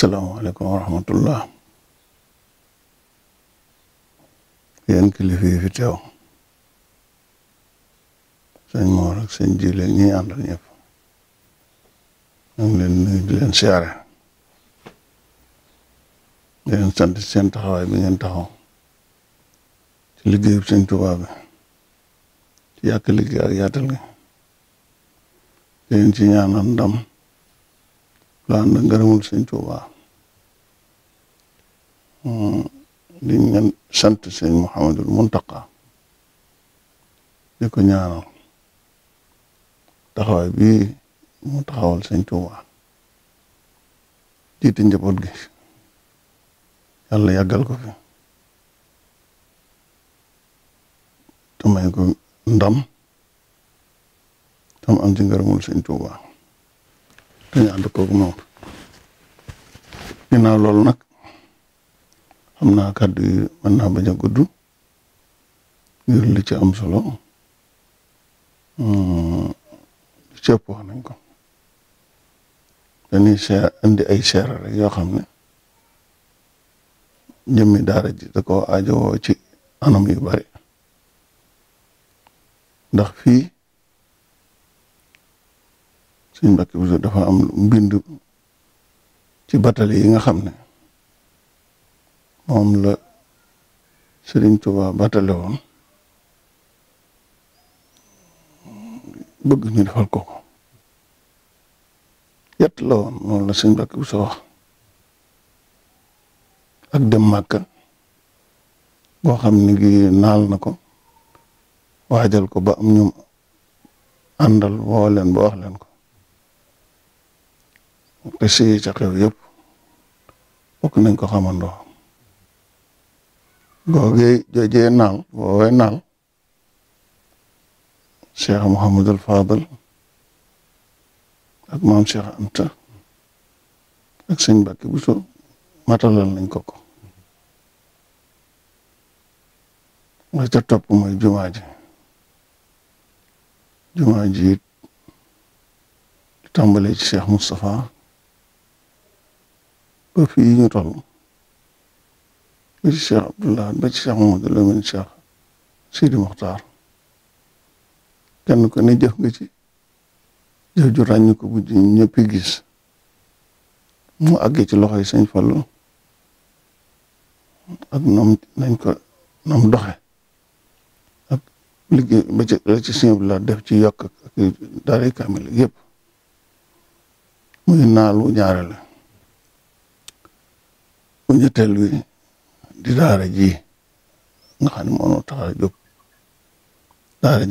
asalaamaaleykum wa rahmatullah yéen kilifa yi fi teew sëñ Mor ak sëñ ñi àndal ñëpp ñu ngi leen nuyu di leen siyaare di leen sant seen taxawaay bi ngeen taxaw ci liggéeyu sëñ Tuubaa bi ci yàq liggéey ak yaatal gi leen ci ñaanal ndam laan da ngërëmul sëñ Tuubaa hmm, di ngeen sant sëñ Muhammadul Muntaqa di ko ñaanal taxawaay bii mu taxawal sëñ Tuubaa jiite njaboot gi yàlla yàggal ko fi te may ko ndam tam am ci ngërëmul sëñ dañu ànd kooku moom ginnaaw loolu nag xam naa kàddu yi mën naa bañ a gudd ngir li ci am solo hmm, li ci ëpp wax nañ ko dañuy seer indi ay seer yoo xam ne jëmmi daara ji da koo aajowoo ci anam yu bari ndax fii suñ Mbàkke dafa am mbind ci batale yi nga xam ne moom la Sëriñ Tuubaa batale woon bëgg ñu defal ko ko yett la woon moom la suñ Mbàkke ak dem Màkka boo xam ne gi naal na ko waajal ko ba am ñum àndal woo leen ba wax leen ko récits yi ca xew yëpp fokk nañ ko xamandoo googee joojee naal woowee naal cheikh Mouhamadul Fadal ak maam cheikh Anta ak sëñ Mbàkke Buso matalal nañ ko ko la ca topp mooy jumaa ji jumaa ji tàmbalee ci cheikh Moustapha ba fii ñu toll ba ci Cheikh Abdoulaye ba ci Cheikh Mamadou Lamine Cheikh Sidi Mokhtar kenn ku ne jëf nga ci jëf ju ràññ ko bu ñëpp gis mu àggee ci loxoy Sëñ Fallu ak nam nañ ko nam doxe ak ba ci la ci def ci yokk ak daara kaamil yëpp muy naalu ñaareel bu ñetteel bi di daara ji nga xam ne moo ñu tax a jóg daara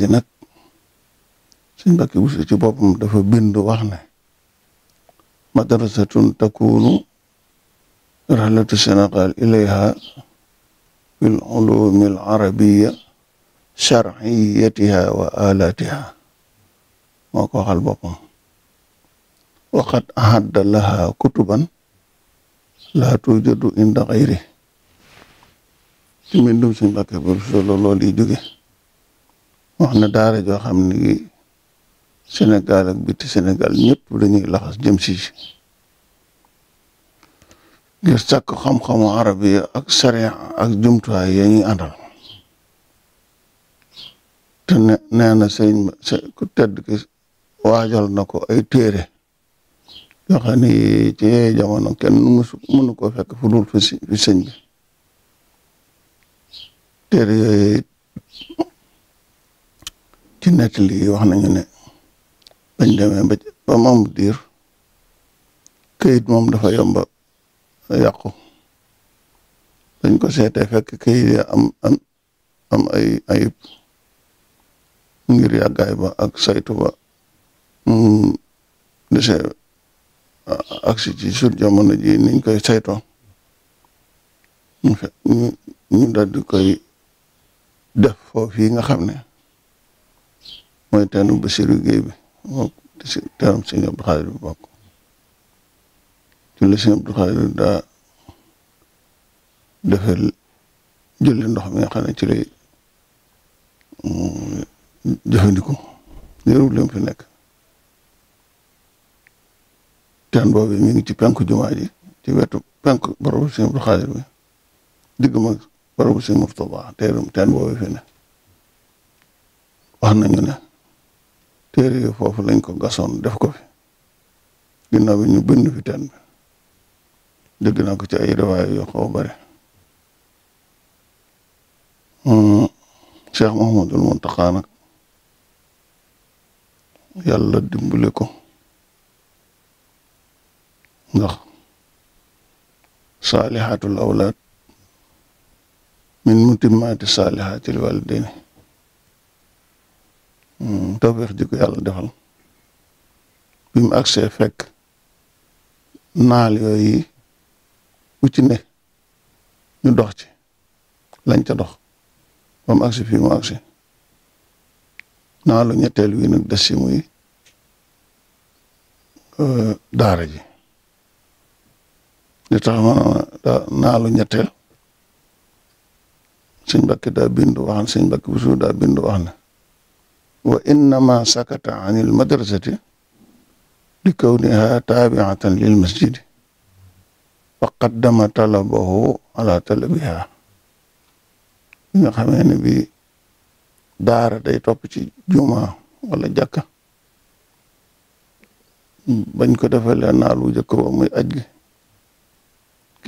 ci boppam dafa bind wax ne madrasatun takunu rahlatu Sénégal ilayha fil ulumi al arabiyya wa alatiha moo ko waxal boppam waqad ahadda laha kutuban laa tuujadu inda xayri ci mbindum suñ Mbàkke bu solo loolu yi jóge wax na daara joo xam ne senegal Sénégal ak biti Sénégal ñëpp dañuy laxas jëm si ngir sàkk xam-xamu arab ak sariya ak jumtuwaay ya ñuy àndal te nee na sëñ ku tedd ki waajal na ko ay téere yoo xam ne ci yooyu jamono kenn mësu koo fekk fu dul fi sëñ bi téere yooyu ci nettali wax nañu ne bañ demee ba ba moom diir këyit moom dafa yomba yàqu dañ ko seetee fekk këyit ya am am am ay ayib ngir yàggaay ba ak saytu ba mm, desee agsi ci suñ jamono ji niñ koy saytoo ñu ñu daal di koy def foofu nga xam ne mooy teenu Basiru Géey bi moom teenum Sëñ Abdu Xaadir bi bokk julli Sëñ Abdu Xaadir daa defal julli ndox mi nga xam ne ci lay mm, jëfandikoo yëru lim fi nekk teen boobu mi ngi ci penku jumaa ji ci wetu penku barabu Sëñ Abdou Xaadir bi digg mag barabu Sëñ Murtada téeram teen boobu fi ne wax nañu yi foofu lañ ko def ko fi ginnaaw bi ñu bënn fi teen bi dégg naa ko ci ay riwaay yoo xaw bari Cheikh Mouhamadul Muntaqa nag yàlla ko ndox saalihaatul awlaad min mutimmaati saalihaatil waalidayni hmm, tawfeex ji ko yàlla defal bi mu agsee fekk naal yooyu ku ci ne ñu dox ci lañ ca dox ba mu agsi fii mu agsi naalu ñetteel wi nag euh, ji li tax ma naalu ñetteel sëñ Mbàkke daa bindu wax na sëñ Mbàkke Buso bindu wax na wa innama sakata anil madrasati li kawniha taabiatan lil masjidi fa qaddama talabahu ala talabiha li nga xamee ne bi daara day topp ci juma wala jàkka bañ ko defalee naalu jëkk ba muy aj gi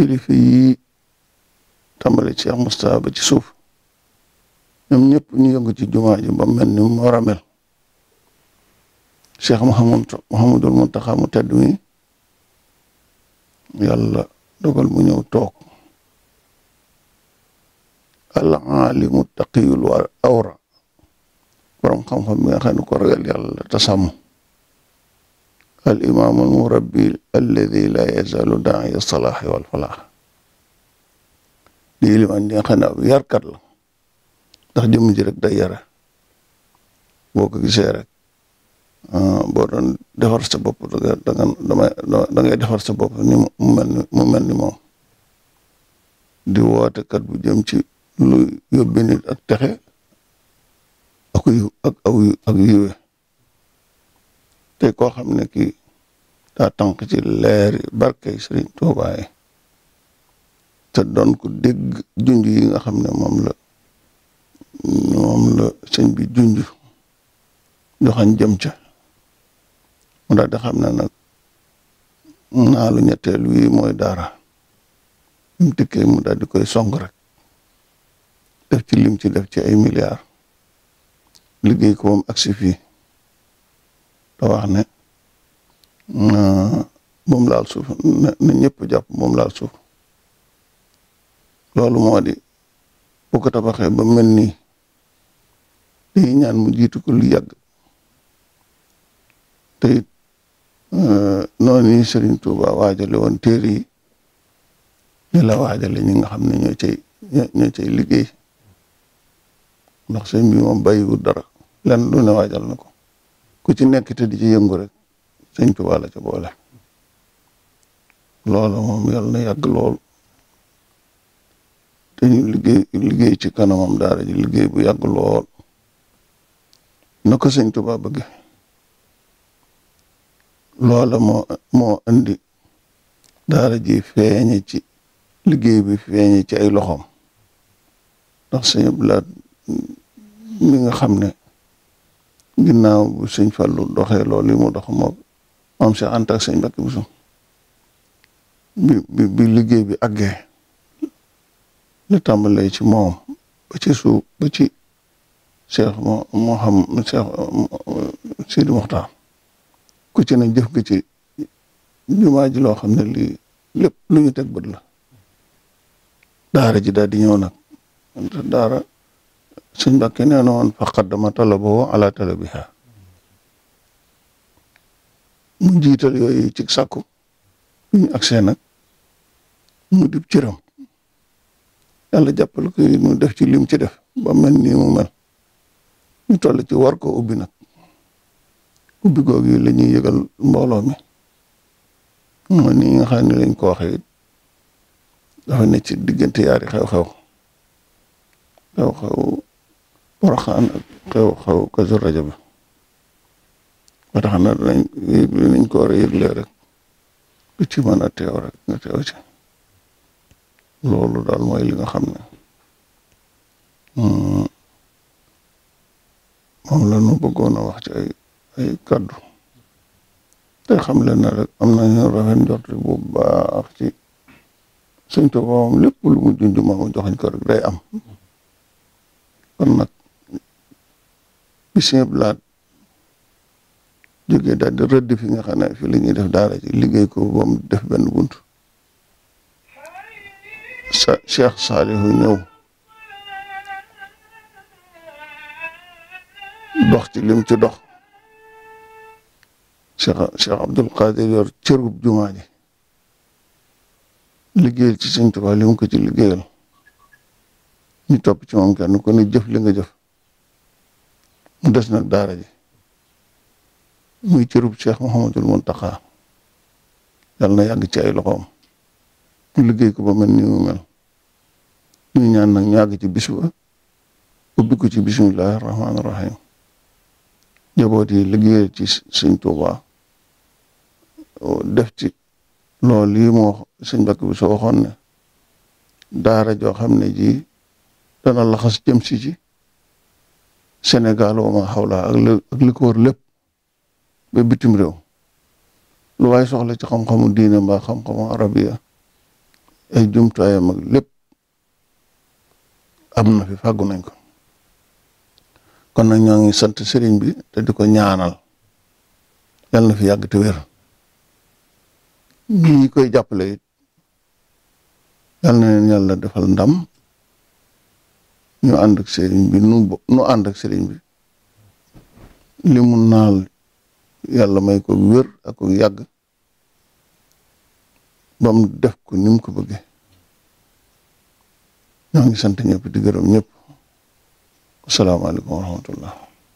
kilifa yi tàmbali Cheikh Moustapha ba ci suuf ñoom ñëpp ñu yëngu ci jumaa ji ba mel ni mu war a mel Cheikh Mouhamadou Mouhamadul mu tedd mi yàlla dogal mu ñëw toog al aalimu taqiyul awra borom xam-xam bi nga xam ne ko ragal yàlla tasam al imaamu murabbi alladi laa yazaalu daa'iya salaaxi wal falaax di limaan di nga xam ne ab yarkat la ndax jëmm ji rek day yara boo ko gisee rek ah, doon defar sa bopp da nga defar sa bopp ni mu mel ni mu moom di woote kat bu jëm ci lu yóbbi nit ak texe ak yiwe te koo xam ne kii daa tànq ci leeri barkey Sëriñ Tuuba yi te doon ko dégg junj yi nga xam ne moom la moom la sëñ bi jëm ca mu daal di xam ne nag naalu ñetteel wi mooy daara mu dikkee mu daal di koy song rek def ci lim ci def ci ay milliards liggéey ko moom agsi fii la wax ne hm, moom laal suuf na ñëpp jàpp moom laal suuf loolu moo di bu ko tabaxee ba mel nii dañuy ñaan mu jiitu ko lu yàgg te it eh, noonu yi Serigne Touba waajale woon téere yi ñu la waajale ñi nga xam ne ñoo ce ñoo cay liggéey ndax sëñ bi moom bàyyiwul dara lenn ne waajal na ko ku ci nekk te di ci yëngu rek sëñ Tuubaa la ci boole loolu moom yal na yàgg lool te ñu liggéey ci kanamam daara ji liggéey bu yàgg lool na ko sëñ Tuubaa bëgg loola moo moo andi daara ji feeñe ci liggéey bi feeñe ci ay loxoom ndax sëñ Abdu Lahat mi nga xam ne ginnaaw bu sëñ Fallou doxee loolu mu dox moom moom Cheikh Anta ak sëñ Mbacké Bousso bi bi bi liggéey bi àggee la tàmbalee ci moom ba ci suuf ba ci Cheikh moo moo xam Cheikh Sidi Mokhtar ku ci ne jëf nga ci jumaa ji loo xam ne lii lépp lu ñu teg bët la daara ji daal di ñëw nag suñ Mbàkke nee na woon faqat dama talaboo ala talabiha mu jiital yooyu ci sàkku ñu agsee nag mu dib cëram yàlla jàppal ko mu def ci lim ci def ba mel nii mu mel ñu toll ci war ko ubbi nag ubbi googu yi la ñuy yëgal mbooloo mi mooy ni nga xam lañ ko waxee dafa ne ci diggante yaari xew-xew xew-xew poroxaan ak xew xew kasu rajo ba ba tax na danañ dinañ ko war rek ku ci mën a teew rek nga teew ci loolu dal mooy li nga xam ne hmm. moom la ñu bëggoon a wax ci ay kaddu te xam leen rek am nañu rafet njort bu baax ci suñ toogoom lépp lu mu junj moomu joxañ ko day am kon nag bi sëñ Blaat jógee daal di fi nga xam ne fi la ñuy def daara ci liggéey ko ba def benn bunt sa Cheikh Salihu ñëw dox ci lim ci dox Cheikh Cheikh Abdul Qadir yor cërub jumaa ji liggéeyal ci Sëñ Tuubaa lim ko ci liggéeyal ñu topp ci moom kenn ku ne jëf li nga jëf mu des nag daara ji muy cërub Cheikh Mouhamadul Mountakha yàlla na yàgg ci ay loxoom mu liggéey ko ba mel ni mu mel ñu ñaan nag ñu yàgg ci bis ba ubbi ko ci bismillahi rahmaani rahim njaboot yi liggéey ci sëñ def ci loolu lii moo sëñ bakk bi soo waxoon ne daara joo xam ne ji dana laxas jëm Sénégal wa ma xawla ak la ak li lépp ba bitim réew lu waay soxla ci xam-xamu diine mbaa xam-xamu arabiya ay jumtuwaayam ak lépp am na fi fàggu nañ ko kon nag ñoo ngi sant sëriñ bi te di ko ñaanal yal na fi yàgg te wér ñi koy jàppale it yal na leen yàlla defal ndam ñu ànd ak sëriñ nu nu ànd ak sëriñ bi li mu naal yàlla may ko wér ak ko yàgg ba mu def ko ni ko bëggee ñoo ngi sant ñëpp di gërëm ñëpp asalaamaaleykum